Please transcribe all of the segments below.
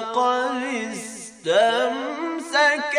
فقد استمسك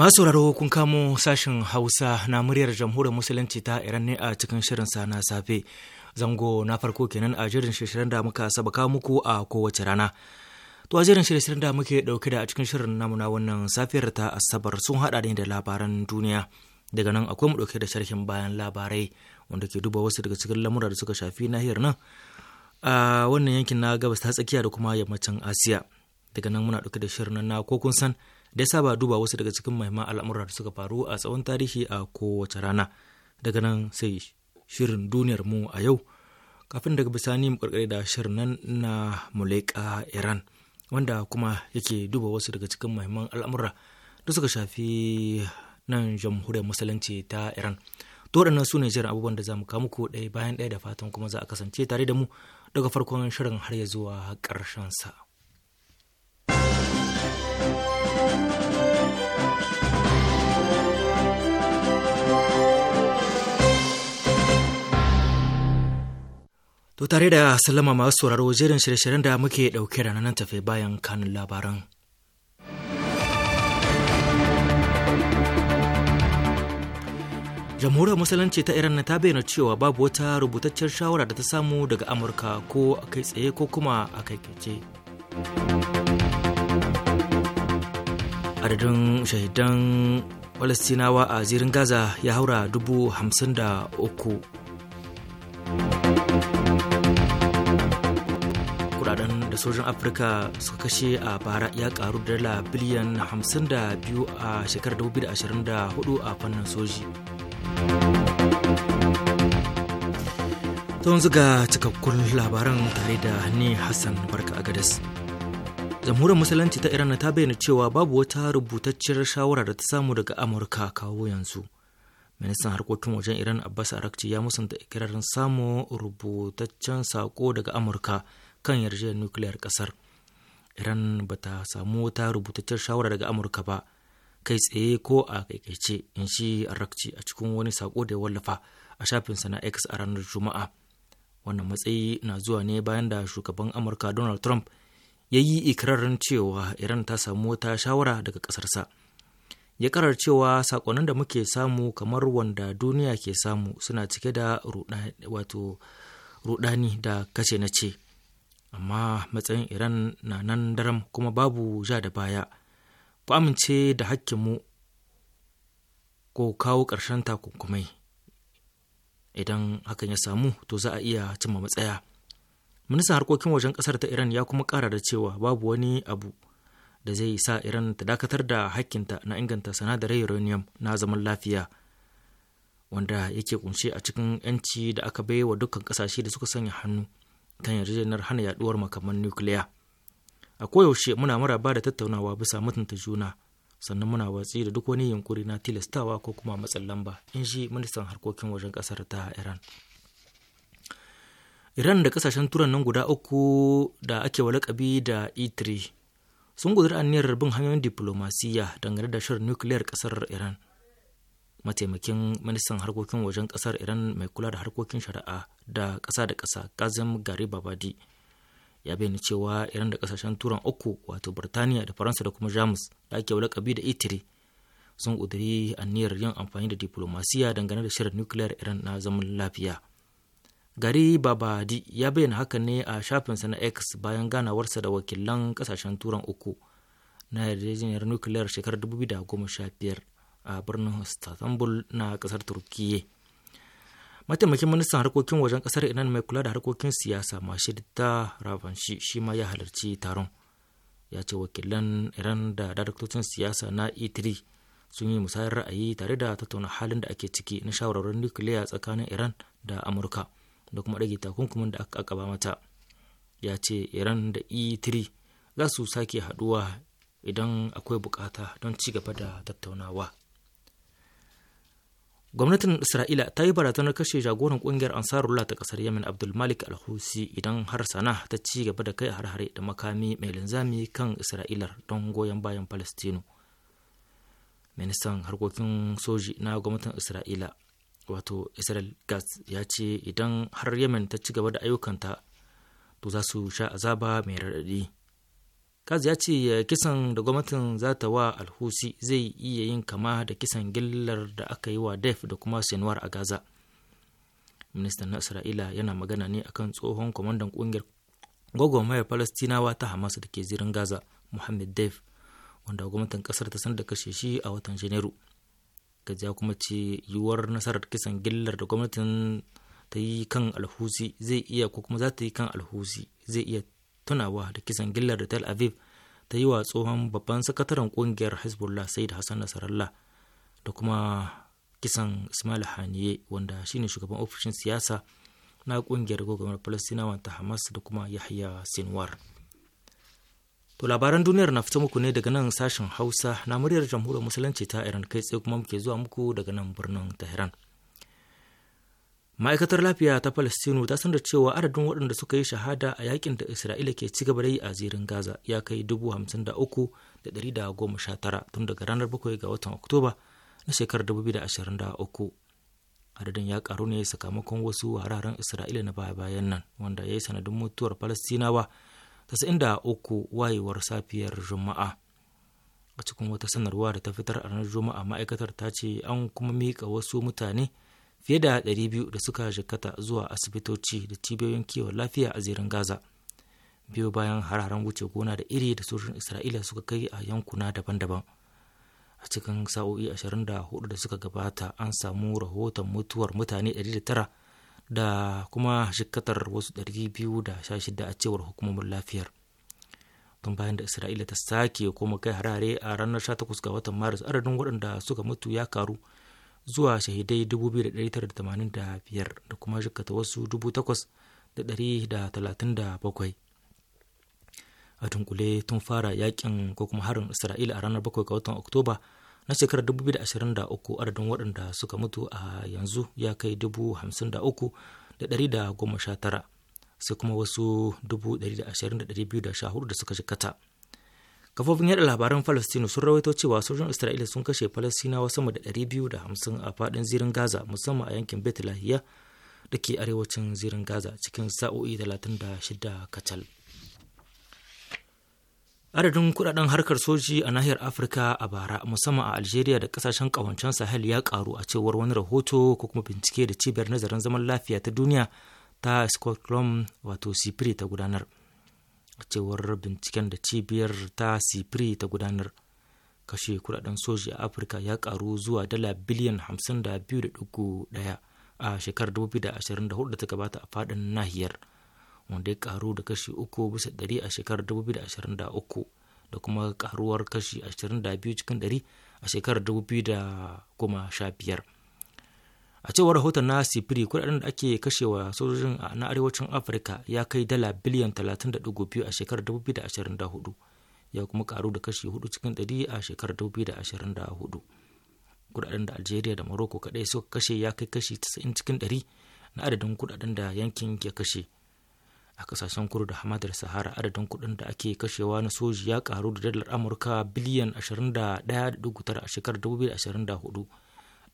Masu sauraro kun kamo sashen Hausa na muryar jamhuriyar Musulunci ta Iran ne a cikin shirin sa na safe. Zango na farko kenan a jirin shirin da muka sabaka muku a kowace rana. To a jirin shirin da muke dauke da a cikin shirin namu na wannan safiyar ta Asabar sun hada ne da labaran duniya. Daga nan akwai mu dauke da sharhin bayan labarai wanda ke duba wasu daga cikin lamura da suka shafi nahiyar nan a wannan yankin na gabas ta tsakiya da kuma yammacin Asiya. Daga nan muna dauke da shirin na ko kun san da ya saba duba wasu daga cikin mahimman al'amura da suka faru a tsawon tarihi a kowace rana daga nan sai shirin duniyar mu a yau kafin daga bisani mu karkare da shirin nan na muleka iran wanda kuma yake duba wasu daga cikin mahimman al'amura da suka shafi nan jamhuriyar musulunci ta iran to waɗannan su ne jiran abubuwan da za mu kamu ko ɗaya bayan ɗaya da fatan kuma za a kasance tare da mu daga farkon shirin har ya zuwa ƙarshen sa. To tare da sallama masu sauraro jerin shirye-shiryen da muke ɗauke da nan tafe bayan kanun labaran. Jamhuriyar Musulunci ta Iran ta bayyana cewa babu wata rubutaccen shawara da ta samu daga Amurka ko a kai tsaye ko kuma a kai kece. Adadin shahidan Falastinawa a zirin Gaza ya haura dubu hamsin da uku. sojin afirka suka kashe a bara ya karu dala biliyan 52 a shekarar 2024 a fannin soji ta yanzu ga cikakkun labaran tare da ni hassan barka agadas jamhuriyar musulunci ta iran ta bayyana cewa babu wata rubutacciyar shawara da ta samu daga amurka kawo yanzu ministan harkokin wajen iran abbas arakci ya musanta ikirarin samun rubutaccen sako daga amurka kan yarjejeniyar nukiliyar kasar iran ba ta samu wata rubutaccen shawara daga amurka ba kai tsaye ko a kaikaice in shi arakci a cikin wani sako da ya wallafa a shafinsa na x a ranar juma'a wannan matsayi na zuwa ne bayan da shugaban amurka donald trump ya yi ikirarin cewa iran ta samu wata shawara daga ƙasarsa ya karar cewa sakonnin da muke samu kamar wanda duniya ke samu suna cike da rudani da kace na ce amma matsayin iran na nan daram kuma babu ja da baya ku amince da hakkinmu ko kawo ƙarshen takunkumai idan hakan ya samu to za a iya cimma matsaya ministan harkokin wajen ƙasar ta iran ya kuma ƙara da cewa babu wani abu da zai sa iran ta dakatar da hakkinta na inganta sanadarai uranium na zaman lafiya wanda yake kunshe a cikin 'yanci da aka baiwa dukkan ƙasashe da suka sanya hannu kan yarjejeniyar hana yaduwar makaman nukiliya a koyaushe muna ba da tattaunawa bisa mutunta juna sannan muna watsi da duk wani yunkuri na tilastawa ko kuma matsin lamba in shi ministan harkokin wajen kasar ta iran iran da kasashen turan nan guda uku da ake walakabi da e3 sun da aniyar bin hanyoyin diplomasiya dangane da shirin nukiliyar kasar iran mataimakin ministan harkokin wajen kasar iran mai kula da harkokin shari'a da kasa da kasa kazim gari babadi ya bayyana cewa iran da kasashen turan uku wato birtaniya da faransa da kuma jamus da ake lakabi da itiri sun ƙudiri aniyar yin amfani da diplomasiya dangane da shirin nukiliyar iran na zaman lafiya gari babadi ya bayyana haka ne a shafinsa na x bayan ganawarsa da wakilan kasashen turan uku na yarjejeniyar nukiliyar shekarar 2015 a birnin istanbul na kasar turkiyya mataimakin ministan harkokin wajen kasar iran mai kula da harkokin siyasa mashid da ravanshi shi ma ya halarci taron ya ce wakilan iran da daraktocin siyasa na e3 sun yi musayar ra'ayi tare da tattauna halin da ake ciki na shawararrun nukiliya tsakanin iran da amurka da kuma rage takunkumin da aka kaba mata ya ce iran da e3 za su sake haduwa idan akwai bukata don ci gaba da tattaunawa gwamnatin isra'ila ta yi barazanar kashe jagoran kungiyar ansarullah ta kasar yemen abdul abdulmalik alhusi idan har sana ta ci gaba da kai har-hare da makami mai linzami kan israila don goyon bayan palestino ministan harkokin soji na gwamnatin isra'ila wato israel gas ya ce idan har yemen ta ci gaba da ayyukanta to za su sha azaba mai raɗaɗi Kaz ya ce kisan da gwamnatin za ta wa alhusi zai iya yin kama da kisan gillar da aka yi wa Def da kuma Sinwar a Gaza. Ministan na Isra'ila yana magana ne akan tsohon kwamandan kungiyar gwagwarmayar Falastinawa ta Hamas da ke zirin Gaza, Muhammad Def, wanda gwamnatin kasar ta san da kashe shi a watan Janairu. Gaz ya kuma ce yiwuwar nasarar kisan gillar da gwamnatin ta yi kan alhusi zai iya ko kuma za ta yi kan alhusi zai iya tunawa da kisan gillar da tel aviv ta yi wa tsohon babban sakataren kungiyar hezbollah said hassan nasarallah da kuma kisan ismail haniye wanda shine shugaban ofishin siyasa na kungiyar gwagwarmar palestinawa ta hamas da kuma yahya sinwar to labaran duniyar na fita muku ne daga nan sashen hausa na muryar jamhuriyar musulunci ta iran kai tsaye kuma muke zuwa muku daga nan birnin tehran ma'aikatar lafiya ta palestino ta sanar cewa adadin waɗanda suka yi shahada a yakin da isra'ila ke ci gaba da yi a zirin gaza ya kai dubu hamsin da uku da ɗari sha tara tun daga ranar bakwai ga watan oktoba na shekarar dubu adadin ya karu ne sakamakon wasu hararen isra'ila na baya bayan nan wanda ya yi sanadin mutuwar palestinawa tasa'in da uku wayewar safiyar juma'a a cikin wata sanarwa da ta fitar a ranar juma'a ma'aikatar ta ce an kuma miƙa wasu mutane fiye da 200 da suka jikata zuwa asibitoci da cibiyoyin kiwon lafiya a zirin gaza biyu bayan hararen wuce gona da iri da sojojin isra'ila suka kai a yankuna daban-daban a cikin sa'o'i 24 da suka gabata an samu rahoton mutuwar mutane 109 da kuma shikatar wasu 216 a cewar hukumomin lafiyar tun bayan da isra'ila ta sake kuma kai harare a ranar 18 ga watan maris adadin waɗanda suka mutu ya karu zuwa shahidai 2,985 da kuma jikata wasu 8,837 a tunkule tun fara yakin ko kuma harin isra'ila a ranar 7 ga watan oktoba na shekarar 2023 adadin waɗanda suka mutu a yanzu ya kai 53,119 sai kuma wasu 1224 da suka jikata kafofin yada labaran falastinu sun rawaito cewa sojojin isra'ila sun kashe falastinawa sama da biyu da hamsin a fadin zirin gaza musamman a yankin bet lahiya da ke arewacin zirin gaza cikin sa'o'i talatin da 36 kacal adadin kudaden harkar soji a nahiyar afirka a bara musamman a algeria da kasashen kawancen sahel ya karu a cewar wani rahoto ko kuma bincike da cibiyar nazarin zaman lafiya ta duniya ta scotland wato cipri ta gudanar cewar binciken da cibiyar ta sipri ta gudanar kashe kudaden soji a afirka ya karu zuwa dala biliyan 52.1 a shekarar 2024 da ta gabata a fadin nahiyar wanda ya karu da kashi 3 bisa 100 a shekarar 2023 da kuma karuwar kashi 22 cikin 100 a shekarar 2015 a cewar rahoton na sipiri kudaden da ake kashewa sojojin na arewacin afirka ya kai dala biliyan 30.2 a shekarar 2024 ya kuma karu da kashi 4 cikin 100 a shekarar 2024 kudaden da algeria da morocco kadai suka kashe ya kai kashi 90 cikin 100 na adadin kudaden da yankin ke kashe a kasashen kudu da hamadar sahara adadin kudin da ake kashewa na soji ya karu da dalar amurka biliyan 21.9 a shekarar 2024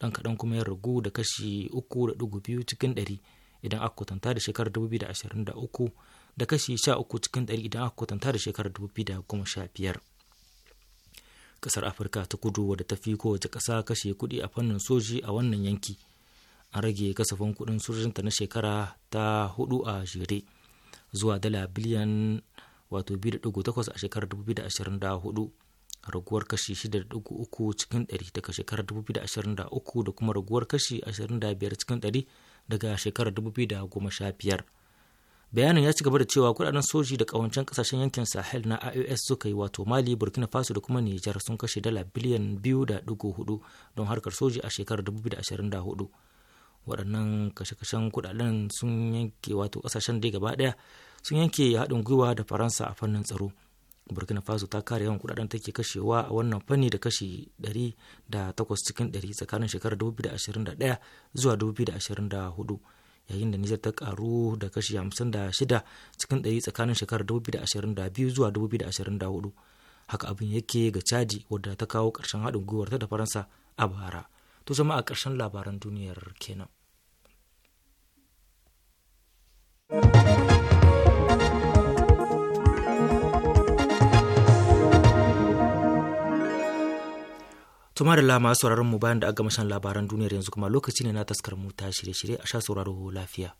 dan kaɗan kuma ya ragu da kashi 3.2 cikin 100 idan aka kwatanta da shekarar 2023 da kashi 13 cikin 100 idan aka kwatanta da shekarar 2015. Ƙasar Afirka ta kudu wadda ta fi kowace ƙasa kashe kuɗi a fannin soji a wannan yanki. An rage kasafin kuɗin sojinta na shekara ta hudu a jere zuwa dala biliyan wato 2.8 a shekarar 2024 raguwar kashi 6.3 cikin 100 daga shekarar 2023 da kuma raguwar kashi 25 cikin 100 daga shekarar 2015. Bayanin ya ci gaba da cewa kudaden soji da kawancen kasashen yankin Sahel na IOS suka yi wato Mali, Burkina Faso da kuma Nijar sun kashe dala biliyan 2.4 don harkar soji a shekarar 2024. waɗannan kashe-kashen kudaden sun yanke wato kasashen dai gaba ɗaya sun yanke haɗin gwiwa da faransa a fannin tsaro burkina faso ta kare yawan kudaden take kashewa a wannan fanni da kashi 108 cikin 100 tsakanin shekarar 2021 zuwa 2024 yayin da nijar ta karu da kashi 56 cikin 100 tsakanin shekarar 2022 zuwa 2024 haka abin yake ga chadi wadda ta kawo ƙarshen haɗin gwiwar ta da faransa a bara to zama a ƙarshen labaran duniyar kenan Tuma da lama sauraron mu bayan da aka gama shan labaran duniyar yanzu kuma lokaci ne na taskar mu ta shirye-shirye a sha sauraro lafiya.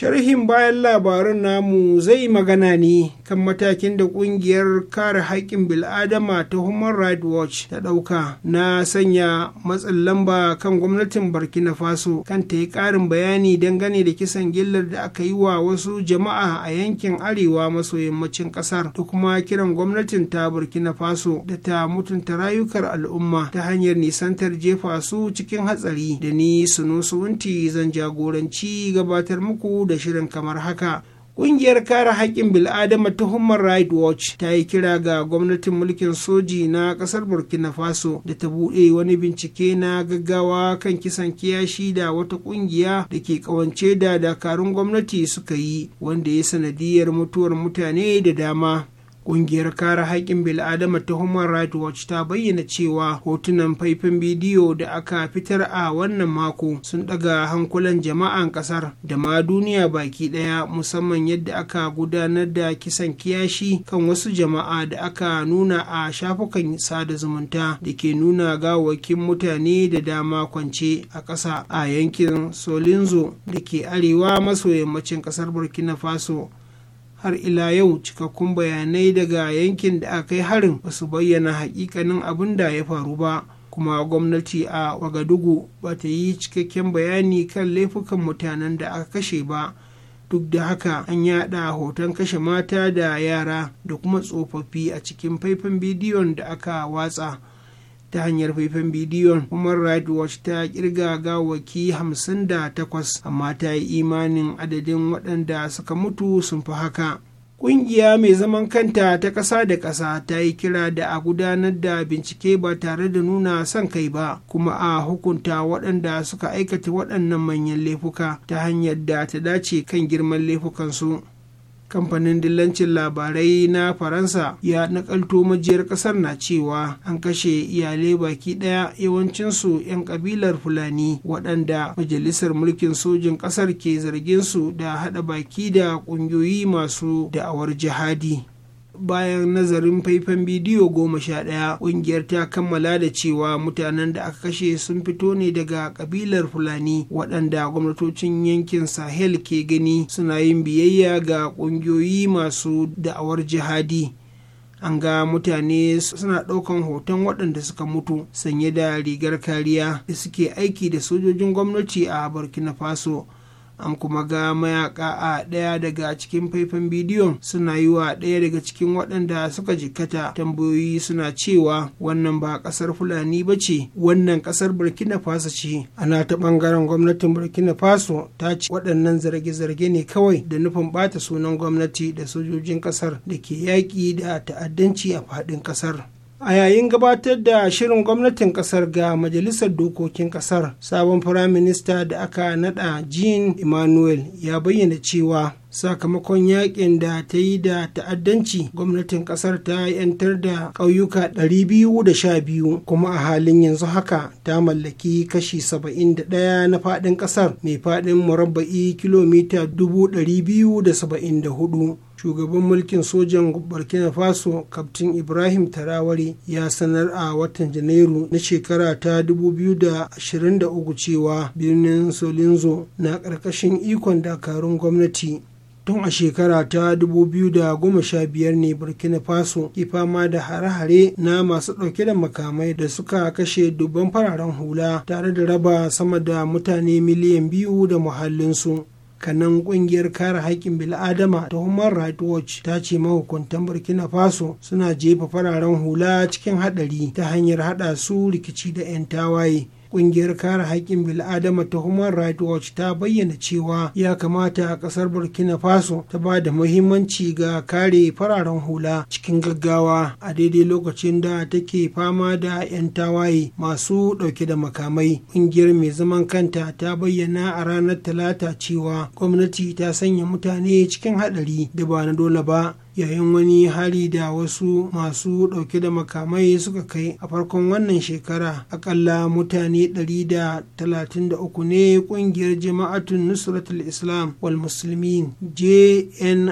sharhin bayan labaran namu zai magana ne kan matakin da kungiyar kare haƙƙin bil'adama ta human rights watch ta ɗauka na sanya matsin lamba kan gwamnatin burkina faso kan ta yi ƙarin bayani dangane da kisan gillar da aka yi wa wasu jama'a a yankin arewa maso yammacin ƙasar da kuma kiran gwamnatin ta burkina faso da ta mutunta rayukar al'umma ta hanyar nisantar jefa su cikin hatsari da ni sunusu wunti zan jagoranci gabatar muku da shirin kamar haka Ƙungiyar kare haƙƙin bil'adama ta Human Rights Watch ta yi kira ga gwamnatin mulkin soji na ƙasar Burkina Faso da ta buɗe wani bincike na gaggawa kan kisan kiyashi da wata ƙungiya da ke ƙawance da dakarun gwamnati suka yi wanda ya sanadiyar mutuwar mutane da dama. Ƙungiyar kare haƙƙin bil'adama ta Human Rights Watch ta bayyana cewa hotunan faifin bidiyo da aka fitar a wannan mako sun ɗaga hankulan jama'an ƙasar da ma duniya baki ɗaya musamman yadda aka gudanar da kisan kiyashi kan wasu jama'a da aka nuna a shafukan sada zumunta da ke nuna gawakin mutane da dama kwance a ƙasa a yankin Solinzo da ke arewa maso yammacin ƙasar Burkina Faso har ila yau cikakkun bayanai daga yankin da aka yi harin ba su bayyana hakikanin abin da ya faru ba kuma gwamnati a wagadugu ba ta yi cikakken bayani kan laifukan mutanen da aka kashe ba duk da haka an yada hoton kashe mata da yara da kuma tsofaffi a cikin faifan bidiyon da aka watsa ta hanyar faifan bidiyon human rights watch ta kirga gawaki 58 amma ta yi imanin adadin waɗanda suka mutu sun fi haka Ƙungiya mai zaman kanta ta ƙasa da ƙasa ta yi kira da a gudanar da bincike ba tare da nuna son kai ba, kuma a hukunta waɗanda suka aikata waɗannan manyan laifuka ta hanyar da ta dace kan girman laifukansu. kamfanin dillancin labarai na faransa ya nakalto majiyar kasar na cewa an kashe iyalai baki daya yawancinsu 'yan kabilar fulani waɗanda majalisar mulkin sojin ƙasar ke zargin su da haɗa baki da ƙungiyoyi masu da'awar jihadi bayan nazarin faifan bidiyo goma sha ɗaya ƙungiyar ta kammala da cewa mutanen da aka kashe sun fito ne daga ƙabilar fulani waɗanda gwamnatocin yankin sahel ke gani suna yin biyayya ga ƙungiyoyi masu da'awar jihadi an ga mutane suna ɗaukan hoton waɗanda suka mutu sanye da rigar kariya da suke aiki da sojojin gwamnati a burkina faso an kuma ga mayaka a ɗaya daga cikin faifan bidiyon suna yi wa ɗaya daga cikin waɗanda suka jikkata tambayoyi suna cewa wannan ba ƙasar fulani ba ce wannan ƙasar burkina faso ce ana ta ɓangaren gwamnatin burkina faso ta ce waɗannan zarge-zarge ne kawai da nufin ɓata sunan gwamnati da sojojin ƙasar da ke yaƙi da ta'addanci a faɗin ƙasar a yayin gabatar da shirin gwamnatin kasar ga majalisar dokokin kasar sabon firaminista da aka nada jean emmanuel ya bayyana cewa sakamakon yakin da ta yi da ta'addanci gwamnatin kasar ta yantar da ƙauyuka 212 kuma a halin yanzu haka ta mallaki kashi 71 na faɗin ƙasar mai faɗin murabba'i kilomita 274 shugaban mulkin sojan burkina faso kaftin ibrahim tarawari ya sanar a watan janairu na shekara ta 2023 cewa birnin solinzo na ƙarƙashin ikon dakarun gwamnati tun a shekara ta 2015 ne burkina faso ke fama da hare-hare na masu ɗauke da makamai da suka kashe dubban fararen hula tare da raba sama da mutane miliyan biyu da muhallinsu kanan kungiyar kare haƙƙin bil'adama ta human rights watch ta ce mahukuntan burkina faso suna jefa fararen hula cikin haɗari ta hanyar haɗa su rikici da 'yan tawaye kungiyar kare haƙƙin bil'adama ta human rights watch ta bayyana cewa ya kamata a ƙasar burkina faso ta ba da muhimmanci ga kare fararen hula cikin gaggawa a daidai lokacin da take fama da 'yan tawaye masu ɗauke da makamai kungiyar mai zaman kanta ta bayyana a ranar talata cewa gwamnati ta sanya mutane cikin haɗari da ba na dole ba yayin wani hari da wasu masu ɗauke da makamai suka kai a farkon wannan shekara akalla mutane 133 ne ƙungiyar jama'atun nusratul islam wal muslimin jnim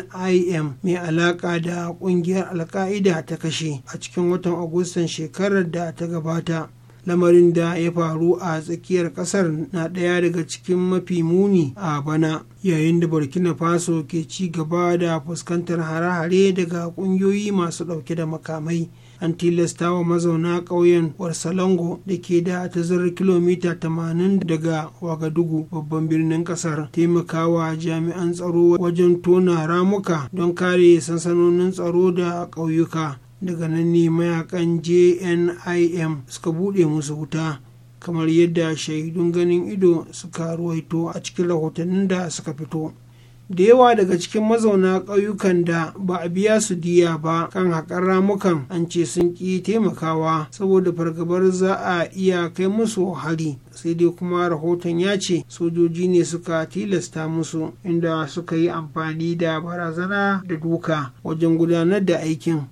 mai alaƙa da ƙungiyar alka'ida ta kashe a cikin watan agustan shekarar da ta gabata lamarin da ya faru a tsakiyar kasar na ɗaya daga cikin mafi muni a bana yayin da burkina faso ke ci gaba da fuskantar hare-hare daga ƙungiyoyi masu ɗauke da makamai an tilasta wa mazauna ƙauyen warsalongo da ke da tazarar kilomita 80 daga wagadugu babban birnin ƙasar taimakawa jami'an tsaro wajen tona ramuka don kare sansanonin tsaro da ƙauyuka daga nan ne mayakan jnim suka buɗe musu wuta kamar yadda shaidun ganin ido suka ruwaito a cikin rahotannin da suka fito da yawa daga cikin mazauna ƙauyukan da ba a biya su diya ba kan haƙar ramukan an ce sun ƙi taimakawa saboda fargabar za a iya kai musu hari sai dai kuma rahoton ya ce sojoji ne suka tilasta musu inda suka yi amfani da barazana da duka wajen gudanar da aikin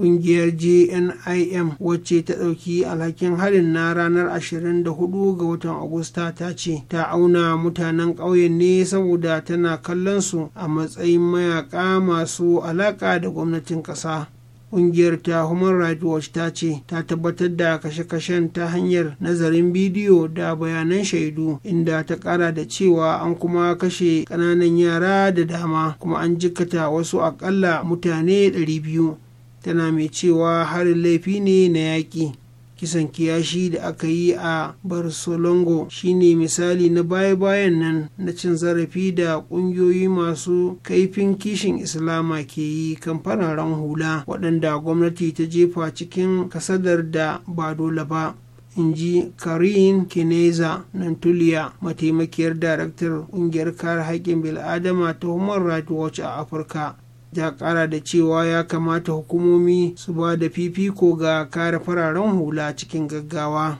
kungiyar jnim wacce ta ɗauki alhakin harin na ranar 24 ga watan agusta ta ce ta auna mutanen ƙauyen ne saboda tana kallon su a matsayin mayaka masu alaƙa da gwamnatin ƙasa ƙungiyar ta human rights watch ta ce ta tabbatar da kashe-kashen ta hanyar nazarin bidiyo da bayanan shaidu inda ta ƙara da cewa an kuma kashe ƙananan yara da dama kuma an jikata wasu akalla mutane 200 tana mai cewa harin laifi ne na yaƙi kisan kiyashi da aka yi a barcelongo shine misali na baya-bayan nan na cin zarafi da ƙungiyoyi masu kaifin kishin islama ke yi kan fararen hula waɗanda gwamnati ta jefa cikin kasadar da ba dole ba in ji karin kineza nantuliya mataimakiyar daraktar ƙungiyar kare haƙƙin bil'adama ta human rights watch a afirka ya kara da cewa ya kamata hukumomi su ba da fifiko ga kare fararen hula cikin gaggawa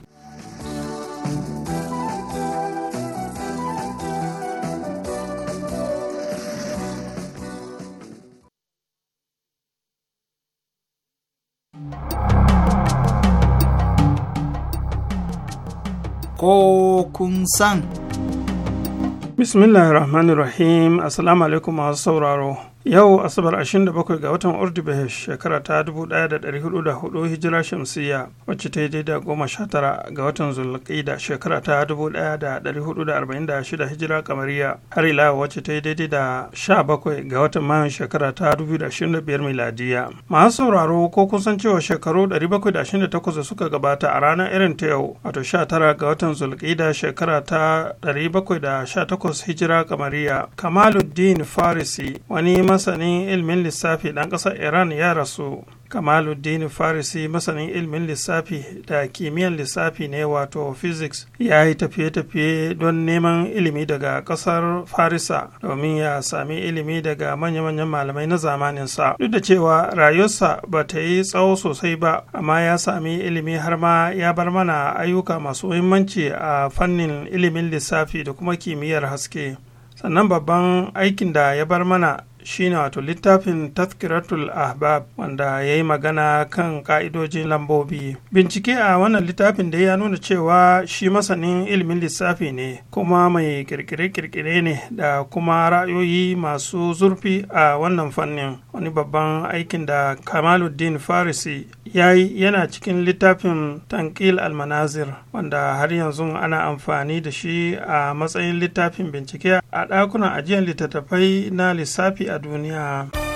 kokun kun san. Bismillahirrahmanirrahim Assalamu alaikum masu sauraro. yau asabar 27 ga watan ordibahesh shekara ta 1404 hijira shamsiya wacce ta yi daida goma sha tara ga watan zulqida shekara ta 1446 hijira kamariya har ila wacce ta yi daidai da 17 ga watan mayun shekara ta 2025 miladiya masu sauraro ko kusan cewa shekaru 728 da suka gabata a ranar irin ta yau wato 19 ga watan zulqida shekara ta 718 hijira kamariya kamaluddin farisi wani masanin ilmin lissafi ɗan ƙasar iran ya rasu kamaluddin farisi masanin ilmin lissafi da kimiyyar lissafi ne wato physics ya yi tafiye-tafiye don neman ilimi daga ƙasar farisa domin ya sami ilimi daga manya-manyan malamai na zamaninsa duk da cewa rayuwarsa ba ta yi tsawo sosai ba amma ya sami ilimi har ma ya bar mana ayyuka masu muhimmanci a fannin ilimin lissafi da kuma kimiyyar haske sannan babban aikin da ya bar mana shine wato littafin tazkiratul ahbab wanda ya yi magana kan ka'idojin lambobi bincike a wannan littafin da ya nuna cewa shi masanin ilimin lissafi ne kuma mai kirkire-kirkire ne da kuma ra'ayoyi masu zurfi a wannan fannin wani babban aikin da kamaluddin farisi ya yi yana cikin littafin tankil almanazir wanda har yanzu ana amfani da shi a matsayin littafin bincike a ɗakunan ajiyar littattafai na lissafi a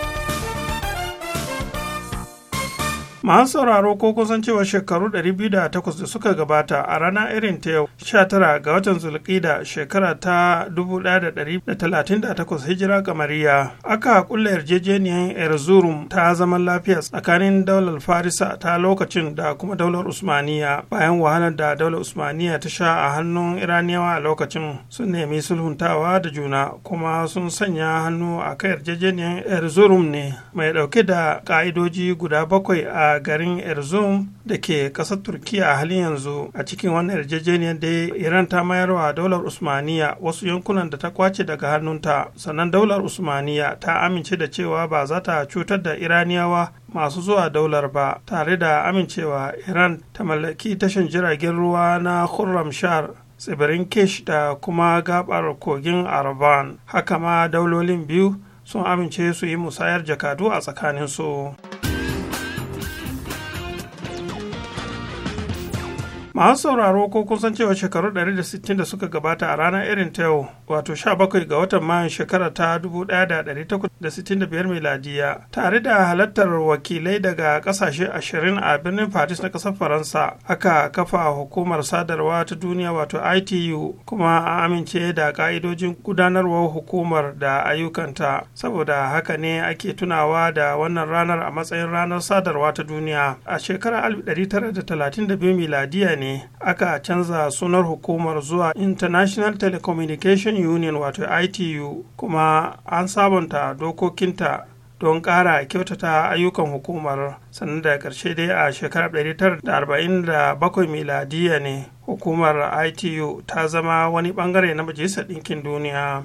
masu sauraro ko kusan cewa shekaru 208 da suka gabata a rana irin ta yau 19 ga watan zulkida shekara ta 1138 hijira kamariya aka kulle yarjejeniyar erzurum ta zaman lafiya tsakanin daular farisa ta lokacin da kuma daular usmaniya bayan wahalar da daular usmaniya ta sha a hannun iraniyawa a lokacin sun nemi sulhuntawa da juna kuma sun sanya hannu a kan yarjejeniyar erzurum ne mai dauke da ka'idoji guda bakwai a da garin Erzurum da ke kasar Turkiya a halin yanzu a cikin wannan yarjejeniyar da Iran ta mayar wa daular Usmaniya wasu yankunan da ta kwace daga hannunta sannan daular Usmaniya ta amince da cewa ba za ta cutar da Iraniyawa masu zuwa daular ba tare da amincewa Iran ta mallaki tashin jiragen ruwa na Khurramshar tsibirin kesh da kuma gabar kogin Arban haka ma daulolin biyu sun amince su yi musayar jakadu a tsakaninsu. su. masu sauraro ko kun san cewa shekaru 160 da suka gabata a ranar irin ta yau wato 17 ga watan mayan shekara ta 1865 miladiya tare da halartar wakilai daga kasashe 20 a birnin paris na kasar faransa aka kafa hukumar sadarwa ta duniya wato itu kuma a amince da ka'idojin gudanarwar hukumar da ayyukanta saboda haka ne ake tunawa da wannan ranar a matsayin ranar sadarwa ta duniya a shekarar 1932 miladiya ne ne aka canza sunar hukumar zuwa international telecommunication union wato itu kuma an sabunta dokokinta don ƙara kyautata ayyukan hukumar sannan da ƙarshe dai a shekarar 1947 miladiya ne hukumar itu ta zama wani bangare na majalisar ɗinkin duniya.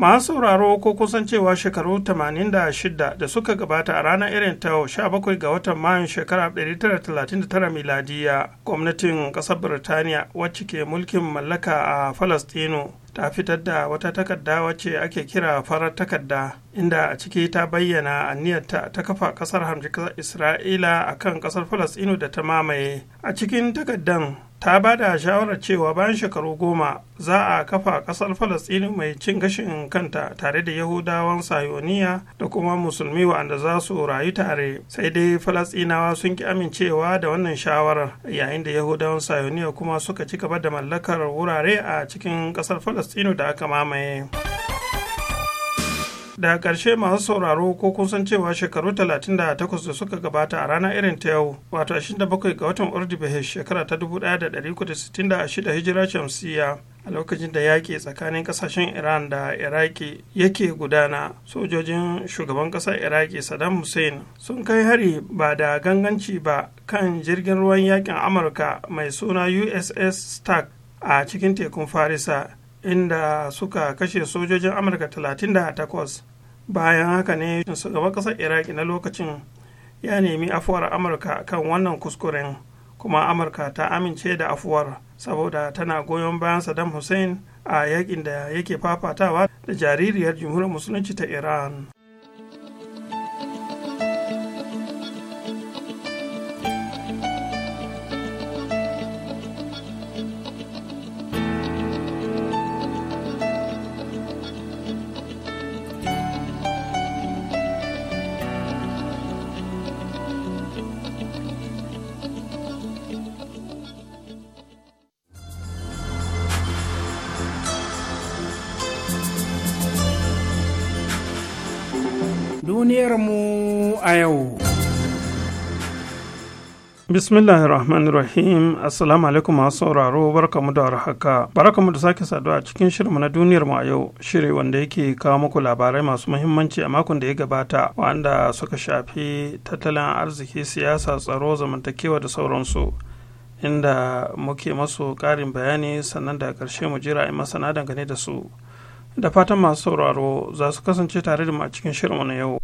masu sauraro ko kusan shekaru 86 da suka gabata a ranar irin ta 17 ga watan mayun shekara 1939 miladiya gwamnatin kasar birtaniya wacce ke mulkin mallaka a Falasɗinu ta fitar da wata takarda wacce ake kira farar takarda inda a ciki ta bayyana aniyarta ta kafa kasar hamshi kasar isra'ila akan kasar Falastinu da ta mamaye a cikin takardan ta ba da shawarar cewa bayan shekaru goma za a kafa kasar falastinu mai cin gashin kanta tare da yahudawan sayoniya da kuma musulmi wa'anda za su rayu tare sai dai falastinawa sun ki amincewa da wannan shawarar yayin da yahudawan sayoniya kuma suka ci gaba da mallakar wurare a cikin kasar falastinu da aka mamaye. da ƙarshe masu sauraro ko kun san cewa shekaru 38 da suka gabata a rana irin ta yau wato 27 ga watan ordibahesh shekara ta 1966 hijira shamsiya a lokacin da yaƙi tsakanin ƙasashen iran da iraki yake gudana sojojin shugaban ƙasar iraki saddam hussein sun kai hari ba da ganganci ba kan jirgin ruwan yaƙin amurka mai suna uss stark a cikin tekun farisa inda suka kashe sojojin amurka 38 bayan haka ne shugaban ƙasar iraki na lokacin ya nemi afuwar amurka kan wannan kuskuren kuma amurka ta amince da afuwar saboda tana goyon bayan saddam hussein a yakin da yake fafatawa da jaririyar jamhuriyar musulunci ta iran mu a yau. Bismillahir rahman Rahim Assalamu alaikum masu sauraro barkamu da warhaka barkamu da sake saduwa a cikin shirinmu na duniyar mu a yau shiri wanda yake kawo muku labarai masu muhimmanci a makon da ya gabata wanda suka shafi tattalin arziki siyasa tsaro zamantakewa da sauransu inda muke masu ƙarin bayani sannan da ƙarshe mu jira a masana dangane da su da fatan masu sauraro za su kasance tare da mu a cikin shirinmu na yau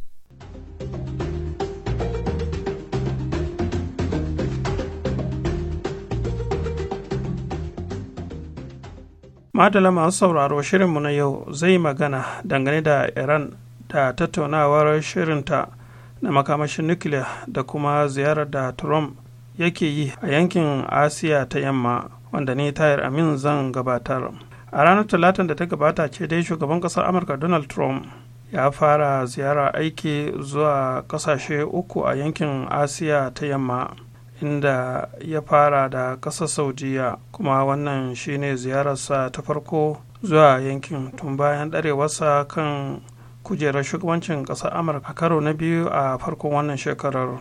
Madala masu sauraro shirinmu na yau zai magana dangane da Iran da tattaunawar shirinta na makamashin nukiliya da kuma ziyarar da Trump yake yi a yankin Asiya ta yamma wanda ne tayar amin zan gabatar. A ranar talatin da ta gabata ce dai shugaban ƙasar Amurka Donald Trump ya fara ziyara aiki zuwa kasashe uku a yankin asiya ta yamma inda ya fara da ƙasar saudiya kuma wannan shine ziyararsa ta farko zuwa yankin tun bayan ɗarewarsa kan kujerar shugabancin ƙasar amurka karo na biyu a farkon wannan shekarar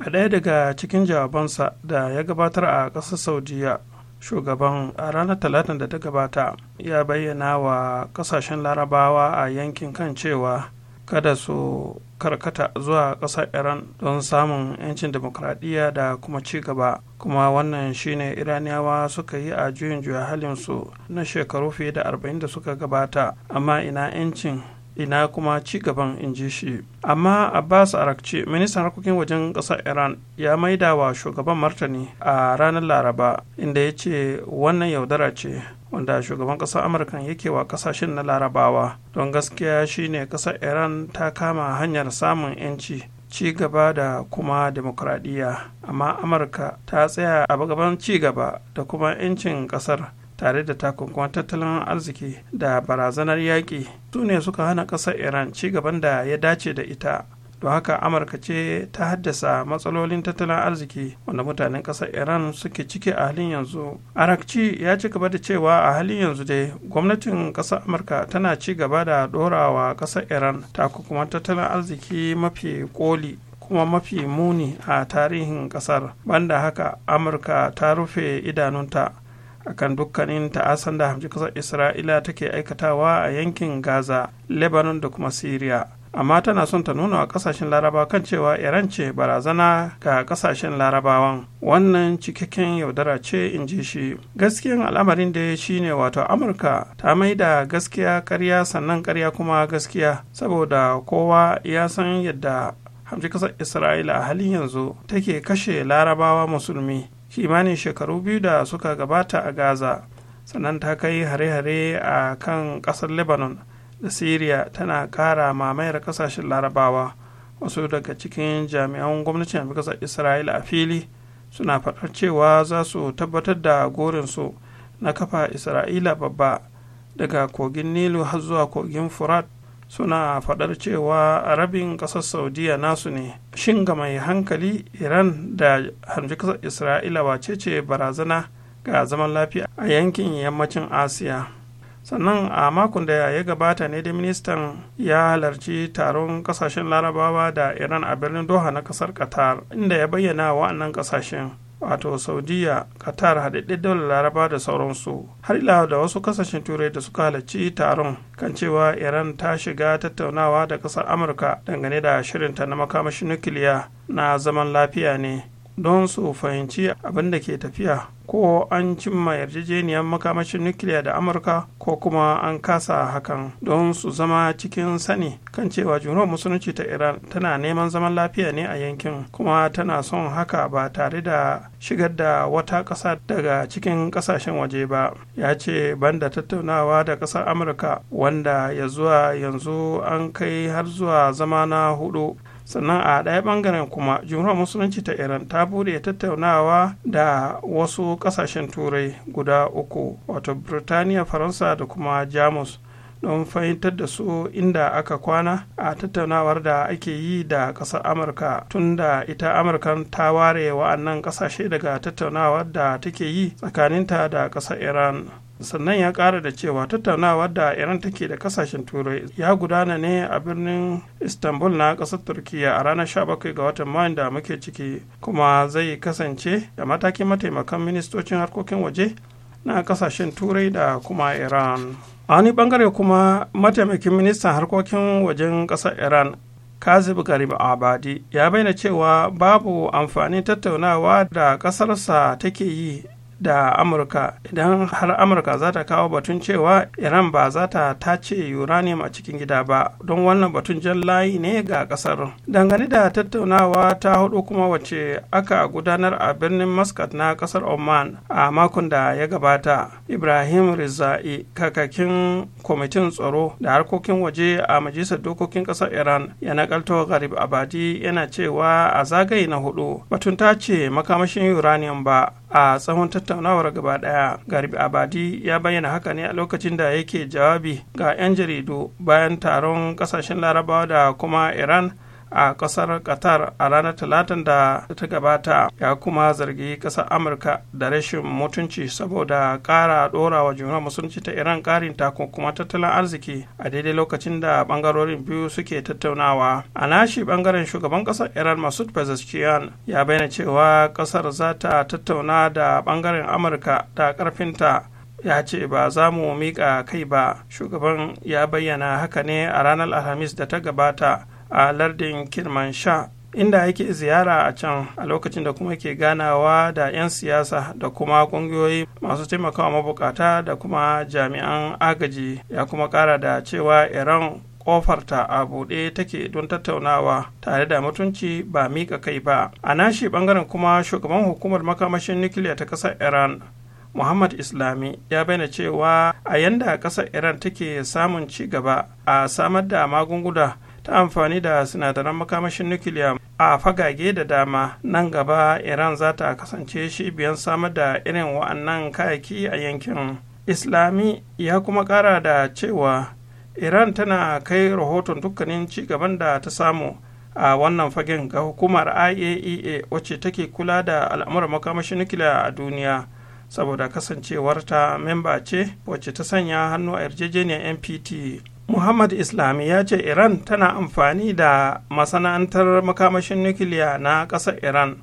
a ɗaya daga cikin jawabansa da ya gabatar a ƙasar saudiya shugaban a ranar talatin da ta gabata ya bayyana wa kasashen larabawa a yankin kan cewa kada su karkata zuwa ƙasar iran don samun 'yancin demokradiyya da kuma ci gaba kuma wannan shine iraniyawa suka yi a juyin juya halinsu na shekaru fiye da 40 da suka gabata amma ina 'yancin ina kuma ci gaban in ji shi amma abbas arakci ministan harkokin wajen ƙasar iran ya maida wa shugaban martani a ranar laraba inda ya ce wannan yaudara ce wanda shugaban ƙasar amurka yake wa ƙasashen na larabawa don gaskiya shine ƙasar iran ta kama hanyar samun 'yanci ci gaba da kuma demokradiyya amma amurka ta tsaya a gaban ci gaba da kuma 'yancin ƙasar tare da takunkuman tattalin arziki da barazanar yaƙi su ne suka hana ƙasar iran ci gaban da ya dace da ita don haka amurka ce ta haddasa matsalolin tattalin arziki wanda mutanen ƙasar iran suke ciki a halin yanzu arakci ya ci gaba da cewa a halin yanzu dai gwamnatin ƙasar amurka tana ci gaba da ɗorawa ƙasar iran takunkuman tattalin arziki mafi koli kuma mafi muni a tarihin ƙasar banda haka amurka ta rufe idanunta akan dukkanin ta'asan da hamshi kasar isra'ila take aikatawa a yankin gaza lebanon da kuma syria amma tana son ta nuna wa kasashen larabawa kan cewa iran ce barazana ga kasashen larabawan wannan cikakken yaudara ce in ji shi gaskiyan al'amarin da ya shine wato amurka ta mai da gaskiya karya sannan karya kuma gaskiya saboda kowa ya san yadda hamshi kasar isra'ila a halin yanzu take kashe larabawa musulmi kimanin shekaru biyu da suka gabata a gaza sannan ta kai hare-hare a kan kasar lebanon da syria tana kara mamayar kasashen larabawa wasu daga cikin jami'an gwamnatin amurka isra'ila a fili suna fadar cewa za su tabbatar da gorinsu na kafa isra'ila babba daga kogin nilu har zuwa kogin furat suna faɗar cewa rabin ƙasar saudiya nasu ne shin ga mai hankali iran da hanji ƙasar isra'ila wace ce barazana ga zaman lafiya a yankin yammacin asiya sannan a makon da ya gabata ne da ministan ya halarci taron kasashen larabawa da iran a birnin doha na kasar qatar inda ya bayyana wa'annan kasashen wato saudiya qatar haɗaɗɗen daular laraba da sauransu har ila da wasu kasashen turai da suka halarci taron kan cewa iran ta shiga tattaunawa da ƙasar amurka dangane da shirinta na makamashin nukiliya na zaman lafiya ne don su fahimci abin da ke tafiya ko an cimma yarjejeniyar makamashin nukiliya da amurka ko kuma an kasa hakan don su zama cikin sani kan cewa jumhuriyar musulunci ta iran tana neman zaman lafiya ne a yankin kuma tana son haka ba tare da shigar da wata ƙasa daga cikin ƙasashen waje ba ya ce banda tattaunawa da ƙasar amurka wanda ya zuwa yanzu an kai har zuwa zama na hudu sannan a ɗaya ɓangaren kuma jumhuriyar musulunci ta iran ta buɗe tattaunawa da wasu ƙasashen turai guda uku wato birtaniya faransa da kuma jamus don fahimtar da su inda aka kwana a tattaunawar da ake yi da ƙasar amurka tun da ita amurkan ta ware wa'annan ƙasashe daga tattaunawar da take yi tsakaninta da ƙasar iran sannan ya ƙara da cewa tattaunawa da iran take da kasashen turai ya gudana ne a birnin istanbul na kasar turkiya a ranar 17 ga watan mayu da muke ciki kuma zai kasance da matakin mataimakan ministocin harkokin waje na kasashen turai da kuma iran a wani bangare kuma mataimakin ministan harkokin wajen ƙasar iran kazib garib abadi ya bayyana cewa babu amfani tattaunawa da ƙasarsa take yi da amurka idan har amurka za ta kawo batun cewa iran ba za ta tace uranium a cikin gida ba don wannan batun jan layi ne ga kasar dangane da tattaunawa ta hudu kuma wace aka gudanar a birnin muscat na kasar oman a makon da ya gabata ibrahim rizai kakakin kwamitin tsaro da harkokin waje a majalisar dokokin kasar iran ya nakalto garib abadi yana cewa a zagaye na hudu batun tace makamashin uranium ba a tsawon tattaunawa tattaunawar gaba ɗaya garbi abadi ya bayyana haka ne a lokacin da yake jawabi ga 'yan jaridu bayan taron kasashen larabawa da kuma iran a ƙasar qatar a ranar talatin da ta gabata ya kuma zargi ƙasar amurka da rashin mutunci saboda ƙara ɗorawa wa juna musulunci ta iran ƙarin kuma tattalin arziki a daidai lokacin da bangarorin biyu suke tattaunawa a nashi bangaren shugaban ƙasar iran masud pezeshkian ya bayyana cewa ƙasar za ta tattauna da ɓangaren amurka da karfinta ya ce ba za mu miƙa kai ba shugaban ya bayyana haka ne a ranar alhamis da ta gabata a lardin Sha inda yake ziyara a can a lokacin da kuma ke ganawa da 'yan siyasa da kuma kungiyoyi masu taimakawa mabukata da kuma jami'an agaji ya kuma kara da cewa iran kofarta a buɗe take don tattaunawa tare da mutunci ba miƙa kai ba a nashi ɓangaren kuma shugaban hukumar makamashin nukiliya ta ƙasar iran Muhammad Islami ya bayyana cewa a yanda ƙasar Iran take samun ci gaba a samar da magunguna ta amfani da sinadaran makamashin nukiliya a fagage da dama nan gaba iran za ta kasance cibiyar samar da irin wa'annan kayaki a yankin islami ya kuma kara da cewa iran tana kai rahoton dukkanin cigaban da ta samu a wannan fagen ga hukumar iaea e wacce take kula da al'amuran makamashin nukiliya a duniya saboda kasancewarta memba ce wacce ta sanya hannu a yarjejeniyar npt muhammad Islami ya ce iran tana amfani da masana'antar makamashin nukiliya na ƙasar iran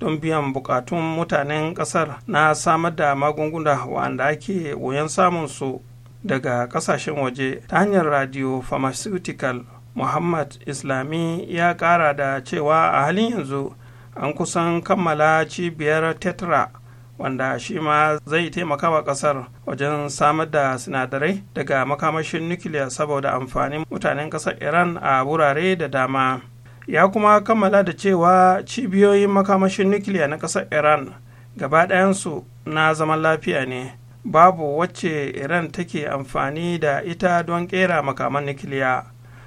don biyan bukatun mutanen ƙasar na samar da magunguna wanda ake wuyan samunsu daga ƙasashen waje ta hanyar radio pharmaceutical muhammad islami ya ƙara da cewa a halin yanzu an kusan kammala cibiyar tetra wanda shi ma zai taimaka wa kasar wajen samar da sinadarai daga makamashin nukiliya saboda amfanin mutanen kasar iran a wurare da dama ya kuma kammala da cewa cibiyoyin makamashin nukiliya na kasar iran gaba ɗayansu na zaman lafiya ne babu wacce iran take amfani da ita don ƙera makaman nukiliya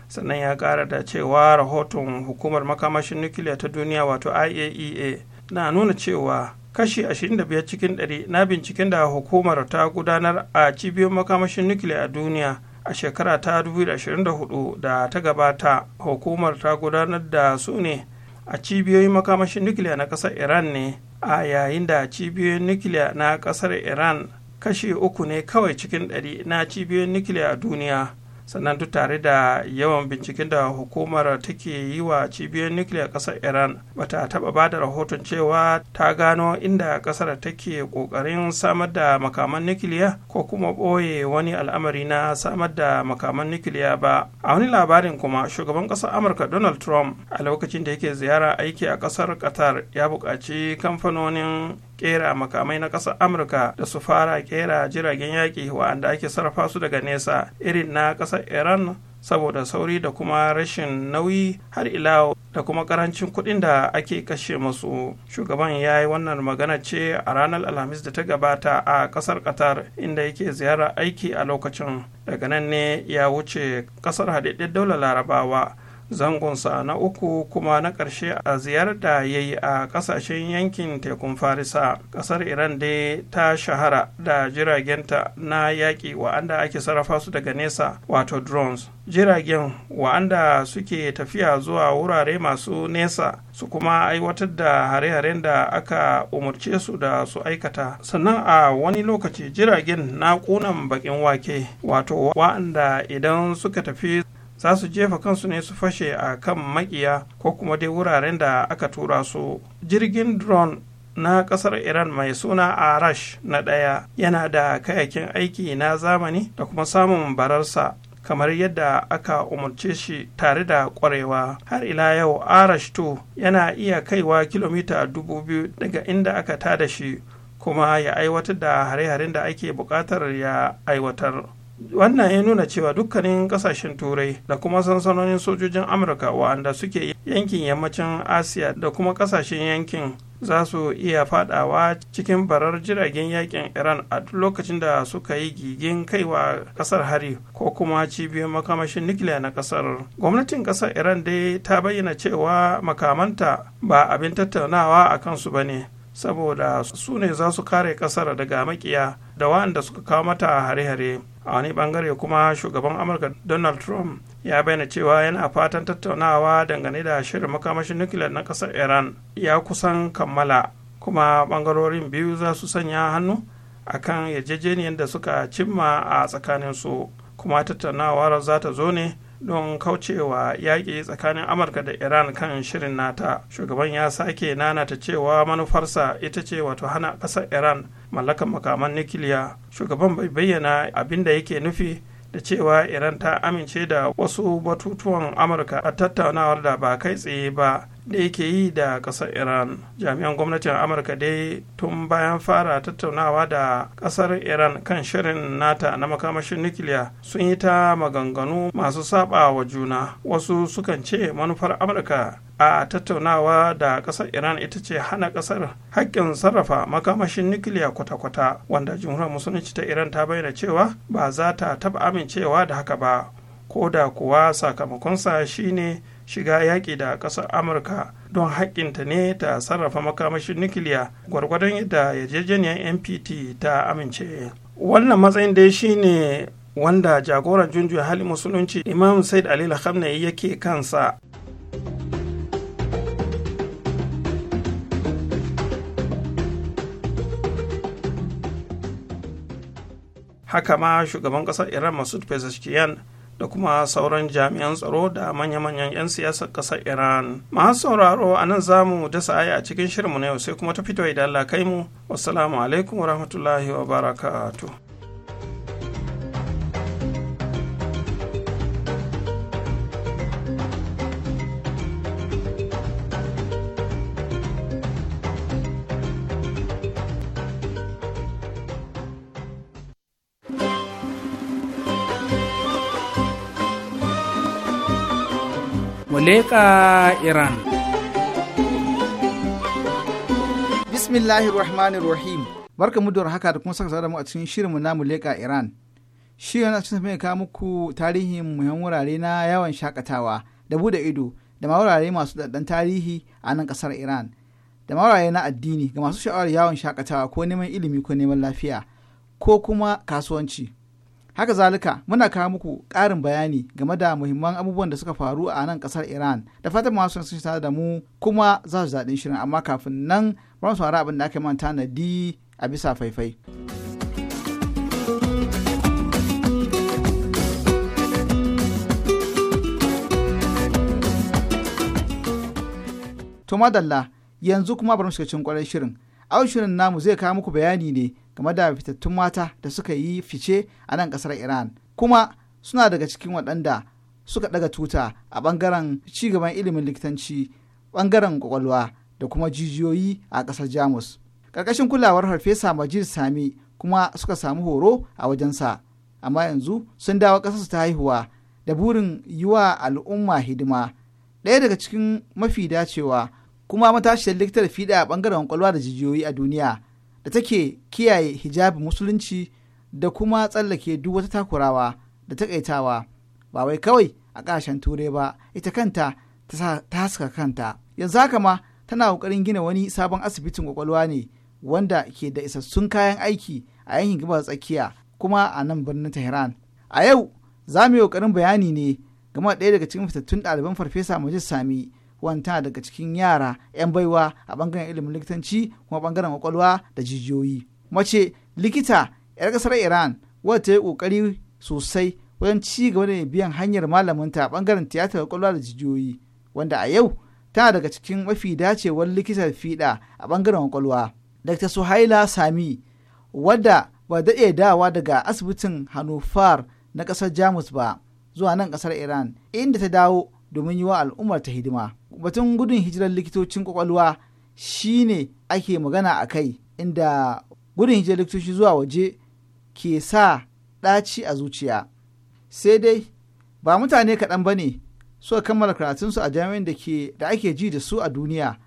sannan ya ƙara da cewa rahoton hukumar makamashin nukiliya ta duniya wato iaea e na nuna cewa kashi 25 cikin 100 na binciken da hukumar ta gudanar a cibiyoyin makamashin nukiliya a duniya a shekara ta 2024 da ta gabata hukumar ta gudanar da su ne a cibiyoyin makamashin nukiliya na kasar iran ne a yayin da cibiyoyin nukiliya na kasar iran kashi uku ne kawai cikin 100 na cibiyoyin nukiliya a duniya sannan duk tare da yawan binciken da hukumar take yi wa cibiyar nukiliyar ƙasar iran bata taba ba da rahoton cewa ta gano inda ƙasar take ƙoƙarin samar da makaman nukiliya ko kuma ɓoye wani al'amari na samar da makaman nukiliya ba a wani labarin kuma shugaban ƙasar amurka donald trump a lokacin da yake ziyara aiki a ƙasar qatar ya buƙaci kamfanonin kera makamai na ƙasar amurka da su fara kera jiragen yaƙi wa'anda ake sarrafa su daga nesa irin na ƙasar iran saboda sauri da kuma rashin nauyi har ila da kuma karancin kuɗin da ake kashe masu shugaban ya yi wannan magana ce a ranar alhamis da ta gabata a ƙasar qatar inda yake ziyara aiki a lokacin daga nan ne ya wuce ƙasar haɗaɗɗen daular larabawa zangonsa na uku kuma na ƙarshe a ziyar da ya yi a ƙasashen yankin tekun farisa ƙasar iran dai ta shahara da jiragenta na yaƙi wa'anda ake sarrafa su daga nesa wato drones jiragen wa'anda suke tafiya zuwa wurare masu nesa su kuma aiwatar da hare-haren da aka umarce su da su aikata sannan a wani lokaci jiragen na ƙunan baƙin wake wato wa'anda idan suka tafi za su jefa kansu ne su fashe a kan makiya ko kuma dai wuraren da aka tura su jirgin drone na kasar iran mai suna arash na daya yana da kayakin aiki na zamani da kuma samun bararsa kamar yadda aka umarce shi tare da kwarewa har ila yau arash 2 yana iya kaiwa kilomita 2000 daga inda aka tada shi kuma ya aiwatar da hare-haren da ake bukatar ya aiwatar wannan ya nuna cewa dukkanin kasashen turai da kuma sansanonin sojojin amurka wa'anda suke yankin yammacin asiya da kuma kasashen yankin za su iya fadawa cikin barar jiragen yakin iran a duk lokacin da suka yi gigin kaiwa kasar hari ko kuma cibiyar makamashin nukiliya na kasar gwamnatin kasar iran dai ta bayyana cewa makamanta ba abin tattaunawa a kansu ba ne saboda su ne za su kare kasar daga makiya da waɗanda suka kawo mata hare-hare a wani bangare kuma shugaban amurka donald trump ya bayyana cewa yana fatan tattaunawa dangane da shirin makamashin nukiliyar na ƙasar iran ya kusan kammala kuma bangarorin biyu za su sanya hannu a akan yarjejeniyar da suka cimma a tsakaninsu kuma tattaunawar za ta zo ne don kaucewa yaƙi tsakanin amurka da iran kan shirin nata shugaban ya sake nanata cewa manufarsa ita ce wato hana ƙasar iran mallakan makaman nukiliya shugaban bai bayyana abin da yake nufi da cewa iran ta amince da wasu batutuwan amurka a tattaunawar da ba kai tsaye ba da yake yi da ƙasar iran jami'an gwamnatin amurka dai tun bayan fara tattaunawa da ƙasar iran kan shirin nata na makamashin nukiliya sun yi ta maganganu masu saba wa juna wasu sukan ce manufar amurka a tattaunawa da ƙasar iran ita ce hana ƙasar hakkin sarrafa makamashin nukiliya kwata-kwata wanda jumhuriyar musulunci ta iran ta bayyana cewa ba za ta taɓa amincewa da haka ba ko da kuwa sakamakonsa shine shiga yaƙi da ƙasar amurka don haƙƙinta ne ta sarrafa makamashin nukiliya gwargwadon yadda yarjejeniyar npt ta amince wannan matsayin dai shine wanda jagoran junjuyar hali musulunci imam said ali khamnai yake kansa haka ma shugaban ƙasar iran masud pezeshkian da kuma sauran jami'an tsaro da manya-manyan 'yan siyasar ƙasar iran masu sauraro a nan za mu dasa aya a cikin shirinmu na yau sai kuma ta fito idan Allah kai mu wasu alaikum warahmatullahi wabarakatuh Muleka Iran. Bismillahir Rahmanir Rahim. Barka mu haka da kuma saka da mu a cikin shirinmu na Muleka Iran. Shi yana cikin mai kawo muku tarihin muhimman wurare na yawon shakatawa da bude ido da ma wurare masu daɗan tarihi a nan ƙasar Iran. Da ma wurare na addini ga masu sha'awar yawon shakatawa ko neman ilimi ko neman lafiya ko kuma kasuwanci. haka zalika muna kawo muku ƙarin bayani game da muhimman abubuwan da suka faru a nan ƙasar iran da fatan masu sun shi da mu kuma za su daɗin shirin amma kafin nan ba su abin da aka manta na di a bisa faifai. To madalla yanzu kuma bari mu shiga cikin shirin. Au shirin namu zai kawo muku bayani ne game da fitattun mata da suka yi fice a nan kasar iran kuma suna daga cikin waɗanda suka ɗaga tuta a ɓangaren cigaban ilimin likitanci ɓangaren kwakwalwa da kuma jijiyoyi a ƙasar jamus ƙarƙashin kulawar farfesa majid sami kuma suka samu horo a wajensa amma yanzu sun dawo ƙasarsu ta haihuwa da burin yi wa al'umma hidima ɗaya daga cikin mafi dacewa kuma matashiyar likitar fiɗa a ɓangaren kwakwalwa da jijiyoyi a duniya da take kiyaye hijabi musulunci da kuma tsallake duk wata takurawa da takaitawa ba wai kawai a ƙasashen turai ba ita kanta ta haska kanta yanzu haka ma tana ƙoƙarin gina wani sabon asibitin ƙwaƙwalwa ne wanda ke da isassun kayan aiki a yankin gabas tsakiya kuma a nan birnin tehran a yau za mu yi ƙoƙarin bayani ne game ɗaya daga cikin fitattun ɗaliban farfesa majid sami wanta daga cikin yara 'yan baiwa a bangaren ilimin likitanci kuma bangaren kwakwalwa da jijiyoyi mace likita 'yar ƙasar iran wadda ta yi ƙoƙari sosai wajen ci gaba da biyan hanyar malaminta a bangaren tiyata kwakwalwa da jijiyoyi wanda a yau tana daga cikin mafi dacewar likitar fiɗa a bangaren kwakwalwa dr suhaila sami wadda ba daɗe dawa daga asibitin hanufar na ƙasar jamus ba zuwa nan ƙasar iran inda ta dawo domin yi wa al'ummar ta hidima batun gudun hijirar likitocin kwakwalwa ne ake magana a kai inda gudun hijirar likitoci zuwa waje ke sa ɗaci a zuciya sai dai ba mutane kaɗan ba ne suka kammala karatunsu a jami'in da ake ji da su a duniya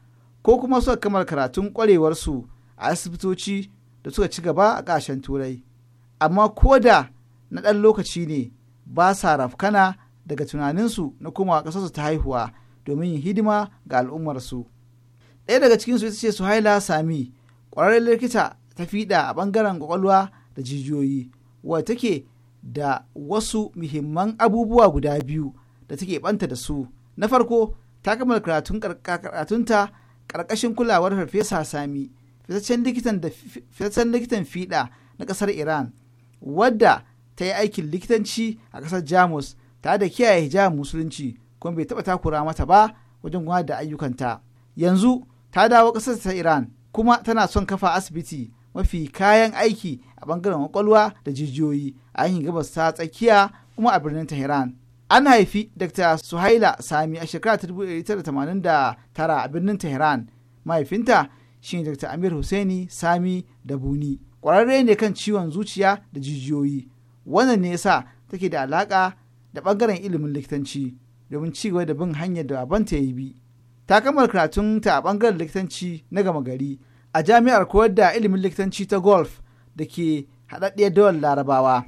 ko kuma suka kammala karatun ƙwarewarsu a asibitoci da suka ci gaba a ƙashen turai amma ko da na ɗan lokaci ne ba sa rafkana daga tunaninsu na komawa ƙasarsu ta haihuwa domin yin hidima ga al'ummarsu. Ɗaya daga cikinsu ita ce Suhaila Sami, ƙwararren likita ta fiɗa a ɓangaren ƙwaƙwalwa da jijiyoyi, wadda take da wasu muhimman abubuwa guda biyu da take ɓanta da su. Na farko, ta kammala karatunta ƙarƙashin kulawar Farfesa Sami, fitaccen likitan fiɗa na ƙasar Iran, wadda ta yi aikin likitanci a ƙasar Jamus ta da kiyaye hijab musulunci kuma bai taɓa takura mata ba wajen gudanar da ayyukanta yanzu ta dawo ƙasar ta iran kuma tana son kafa asibiti mafi kayan aiki a bangaren kwakwalwa da jijiyoyi a yankin gabas ta tsakiya kuma a birnin tehran an haifi dr suhaila sami a shekara 1989 a birnin tehran mahaifinta shine dr amir husaini sami da buni ƙwararre ne kan ciwon zuciya da jijiyoyi wannan ne yasa take da alaka. da ɓangaren ilimin likitanci domin cigaba da bin hanyar da ta ya bi. Ta kammala ta a ɓangaren likitanci na gama gari a jami'ar koyar da ilimin likitanci ta golf da ke haɗaɗɗiyar dawar larabawa.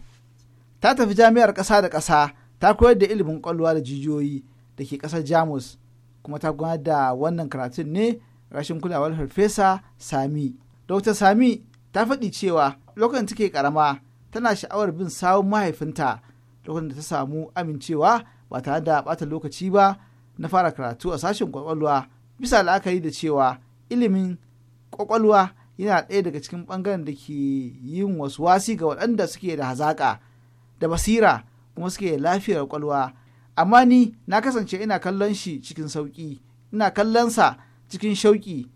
Ta tafi jami'ar ƙasa da ƙasa ta koyar da ilimin ƙwallowa da jijiyoyi da ke ƙasar Jamus kuma ta gudanar da wannan karatun ne rashin kulawar farfesa Sami. Dr. Sami ta faɗi cewa lokacin take ƙarama tana sha'awar bin sawun mahaifinta lokacin da ta samu amincewa ba tare da bata lokaci ba na fara karatu a sashen kwakwalwa bisa la'akari da cewa ilimin kwakwalwa yana ɗaya daga cikin bangaren da ke yin wasu wasi ga waɗanda suke da hazaƙa da basira kuma suke da lafiyar kwakwalwa amma ni na kasance ina kallon shi cikin sauki ina kallon sa cikin shauƙi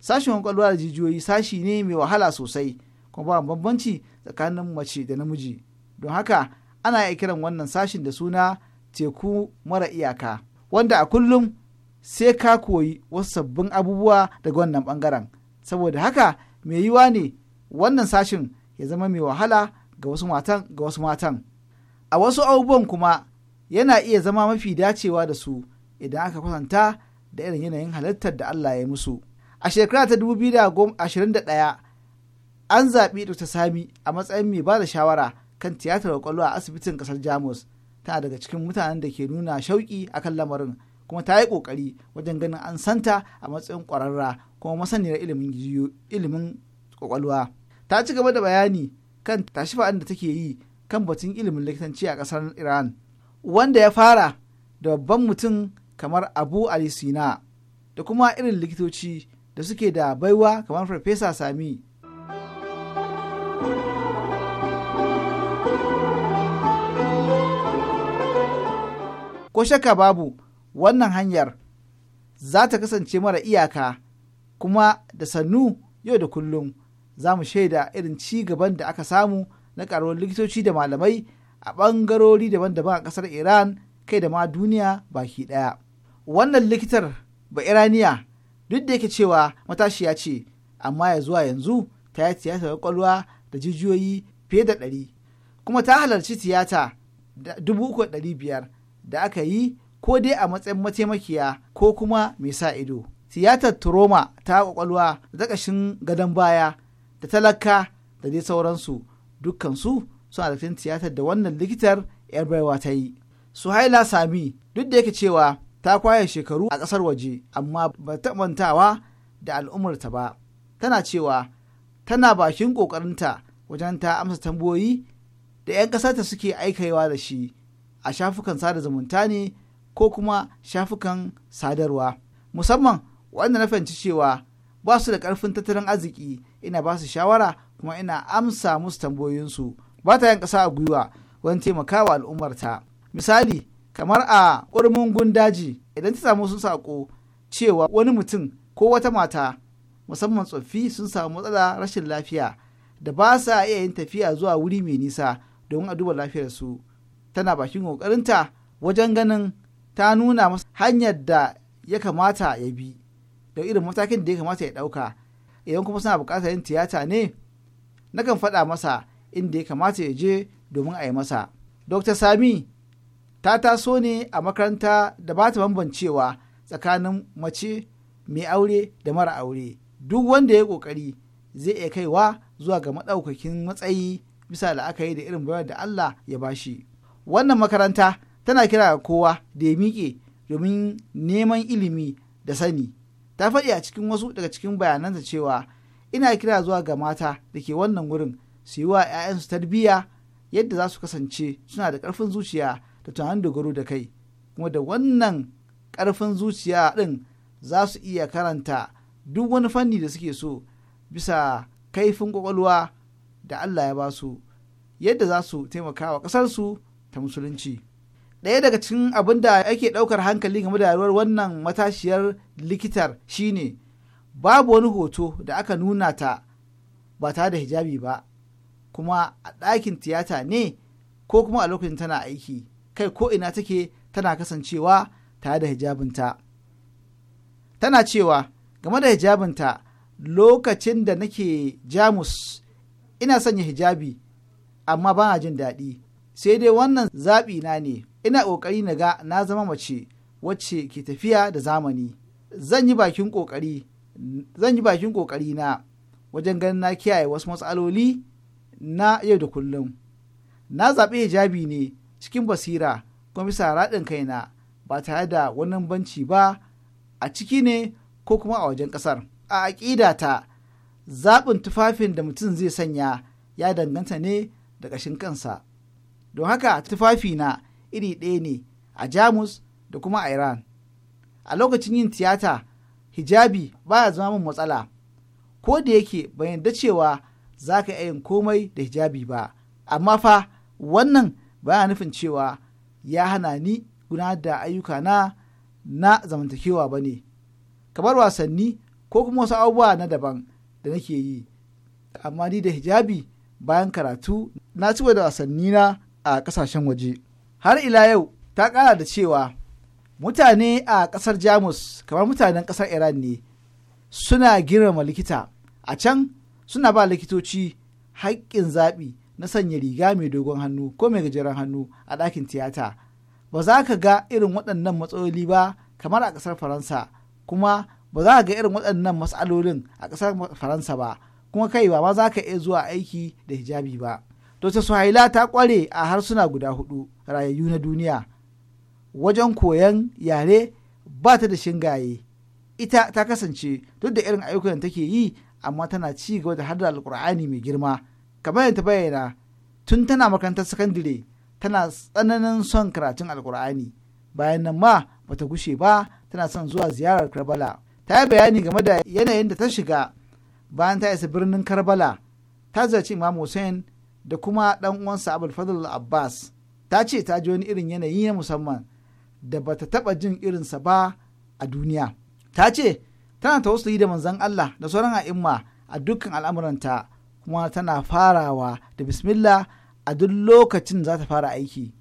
sashen kwakwalwa da jijiyoyi sashi ne mai wahala sosai kuma ba bambanci tsakanin mace da namiji don haka ana iya kiran wannan sashin da suna teku mara iyaka wanda a kullum sai ka koyi wasu sabbin abubuwa daga wannan bangaren saboda haka mai yiwa ne wannan sashin ya zama mai wahala ga wasu matan ga wasu matan a wasu abubuwan kuma yana iya zama mafi dacewa da su idan aka kwatanta da irin yanayin halittar da Allah ya musu a shekara ta 2021 an zaɓi Dr. Sami a matsayin mai ba da shawara kan tiyatar kwakwalwa a asibitin kasar jamus tana daga cikin mutanen da ke nuna shauƙi akan lamarin kuma ta yi ƙoƙari wajen ganin an santa a matsayin kwararra kuma masaniyar ilimin kwakwalwa ta ci gaba da bayani kan tashi fa'an da take yi kan batun ilimin likitanci a kasar iran wanda ya fara da babban mutum kamar abu ali sina da kuma irin likitoci da suke da baiwa kamar farfesa sami thank you ko shakka babu wannan hanyar za ta kasance mara iyaka kuma da sannu yau da kullum za mu shaida irin ci gaban da aka samu na karuwar likitoci da malamai a ɓangarori daban-daban a ƙasar iran kai da ma duniya baki ɗaya wannan likitar ba iraniya duk da yake cewa matashiya ce amma ya zuwa yanzu ta yi tiyatar kwakwalwa da jijiyoyi fiye da ɗari kuma ta halarci tiyata da dubu uku da ɗari biyar da aka yi ko dai a matsayin mataimakiya ko kuma mai sa ido. Tiyatar turoma ta kwakwalwa da ƙashin gadon baya da talaka da dai sauransu dukkansu suna da tiyatar da wannan likitar 'yar baiwa ta yi. Suhaila Sami duk da yake cewa ta kwaye shekaru a ƙasar waje amma ba ta mantawa da al'ummarta ba. Tana cewa tana bakin ƙoƙarinta wajen ta amsa tambayoyi da 'yan ƙasarta suke aikawa da shi a shafukan sada zumunta ne ko kuma shafukan sadarwa musamman wanda na fahimci cewa ba su da karfin tattalin arziki ina ba su shawara kuma ina amsa musu tambayoyinsu ba ta yin kasa a gwiwa wani taimakawa al'ummarta misali kamar a ƙurmin gundaji idan ta samu sun saƙo cewa wani mutum ko wata mata musamman tsoffi sun samu matsala rashin lafiya da ba sa iya yin tafiya zuwa wuri mai nisa domin a duba lafiyarsu tana bakin ƙoƙarinta wajen ganin ta nuna masa hanyar da ya kamata ya bi da irin matakin da ya kamata ya ɗauka idan kuma suna buƙatar yin tiyata ne nakan faɗa masa inda ya kamata ya je domin a yi masa dr sami ta taso ne a makaranta da ba ta bambancewa tsakanin mace mai aure da mara aure duk wanda ya ƙoƙari zai iya kaiwa zuwa ga maɗaukakin matsayi bisa la'akari da irin bayar da allah ya bashi. wannan makaranta tana kira ga kowa da ya miƙe domin neman ilimi da sani ta faɗi a cikin wasu daga cikin bayananta cewa ina kira zuwa ga mata da ke wannan wurin su yi wa 'ya'yansu tarbiyya yadda za su kasance suna da ƙarfin zuciya da tunanin dogaro da kai kuma da wannan ƙarfin zuciya ɗin za su iya karanta duk wani fanni da suke so bisa kaifin ƙwaƙwalwa da Allah ya ba su yadda za su taimaka wa ƙasarsu ta musulunci ɗaya daga cikin abin da ake ɗaukar hankali game da yaruwar wannan matashiyar likitar shine babu wani hoto da aka nuna ta ba ta da hijabi ba kuma a ɗakin tiyata ne ko kuma a lokacin tana aiki kai ko ina take tana kasancewa tare da hijabinta tana cewa game da hijabinta lokacin da nake jamus ina sanya hijabi amma ba jin daɗi sai dai wannan zaɓi na ne ina ƙoƙari na ga na zama mace wacce ke tafiya da zamani zan yi bakin ƙoƙari na wajen ganin na kiyaye wasu matsaloli na yau da kullum na zaɓi hijabi ne cikin basira kuma bisa raɗin kaina ba tare da wani banci ba a ciki ne ko kuma a wajen ƙasar a aƙida zaɓin tufafin da mutum zai sanya ya danganta ne da ƙashin kansa don haka tufafi na iri ɗaya ne a jamus da kuma a iran a lokacin yin tiyata hijabi baya zama min matsala ko da yake ban yarda cewa za ka yin komai da hijabi ba amma fa wannan baya nufin cewa ya hana ni guna da ayyuka na na zamantakewa ba ne kamar wasanni ko kuma wasu abubuwa na daban da nake yi amma ni da hijabi bayan karatu na ci da wasanni na a kasashen waje har ila yau ta kara da cewa mutane a kasar jamus kamar mutanen kasar iran ne suna girmama likita a can suna ba likitoci haƙƙin zaɓi na sanya riga mai dogon hannu ko mai gajeren hannu a ɗakin tiyata ba za ka ga irin waɗannan matsaloli ba kamar a ƙasar faransa kuma ba za ka ga irin waɗannan matsalolin a ƙasar faransa ba kuma kai ba ma za ka iya zuwa aiki da hijabi ba Dr. Suhaila ta kware a harsuna guda hudu rayayyu na duniya. Wajen koyon yare ba ta da shingaye. Ita ta kasance duk da irin ayyukan da take yi amma tana ci gaba da hada alkur'ani mai girma. Kamar yadda ta bayyana tun tana makarantar sakandire tana tsananin son karatun alkur'ani. Bayan nan ma bata gushe ba tana son zuwa ziyarar Karbala. Ta yi bayani game da yanayin da ta shiga bayan ta isa birnin Karbala. Ta zaci Imam Hussein da kuma ɗan uwansa abul abbas ta ce ta ji wani irin yanayi na musamman da ba ta taɓa jin irinsa ba a duniya ta ce tana wasu da manzan allah da sauran a'imma a dukkan al'amuranta kuma tana farawa da bismillah a duk lokacin za ta fara aiki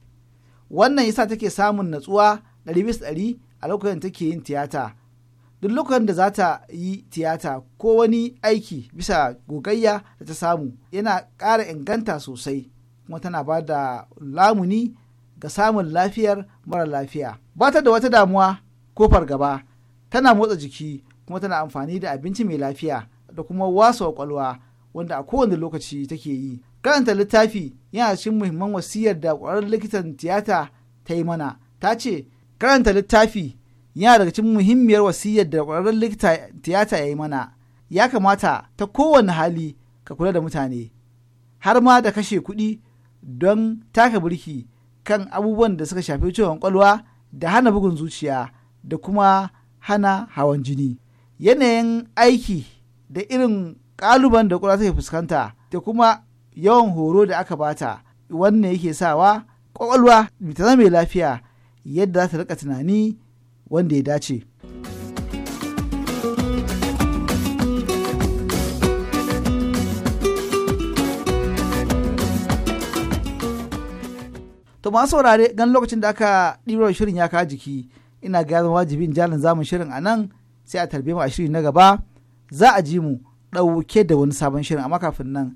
wannan yasa take samun natsuwa ɗari bisa ɗari a lokacin take yin tiyata duk lokacin da za ta yi tiyata ko wani aiki bisa gogayya da ta samu yana ƙara inganta sosai kuma tana ba da lamuni ga samun lafiyar mara lafiya ba ta da wata damuwa ko fargaba tana motsa jiki kuma tana amfani da abinci mai lafiya da kuma wasa kwakwalwa wanda a kowane lokaci take yi karanta littafi yana cikin muhimman wasiyar da ƙwararren likitan tiyata ta yi mana ta ce karanta littafi yana daga cikin muhimmiyar wasiyar da ƙwararren likita tiyata ya yi mana ya kamata ta kowane hali ka kula da mutane har ma da kashe kuɗi don taka birki kan abubuwan da suka shafi ciwon kwalwa da hana bugun zuciya da kuma hana hawan jini yanayin aiki da irin ƙaluban da ƙura take fuskanta da kuma yawan horo da aka bata wannan yake sawa ƙwaƙwalwa ta zama lafiya yadda za ta rika tunani wanda ya dace. To masu saurare gan lokacin da aka ɗiro shirin ya kawo jiki ina ga zama wajibin jalin zamun shirin a nan sai a tarbe mu a shiri na gaba za a ji mu ɗauke da wani sabon shirin amma kafin nan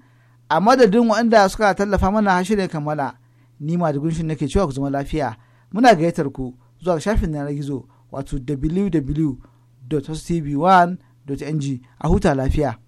a madadin waɗanda suka tallafa mana shirin kammala ni ma da gunshin nake cewa ku zama lafiya muna gayyatar ku zuwa shafin na gizo wato www.hostv1.ng a huta lafiya.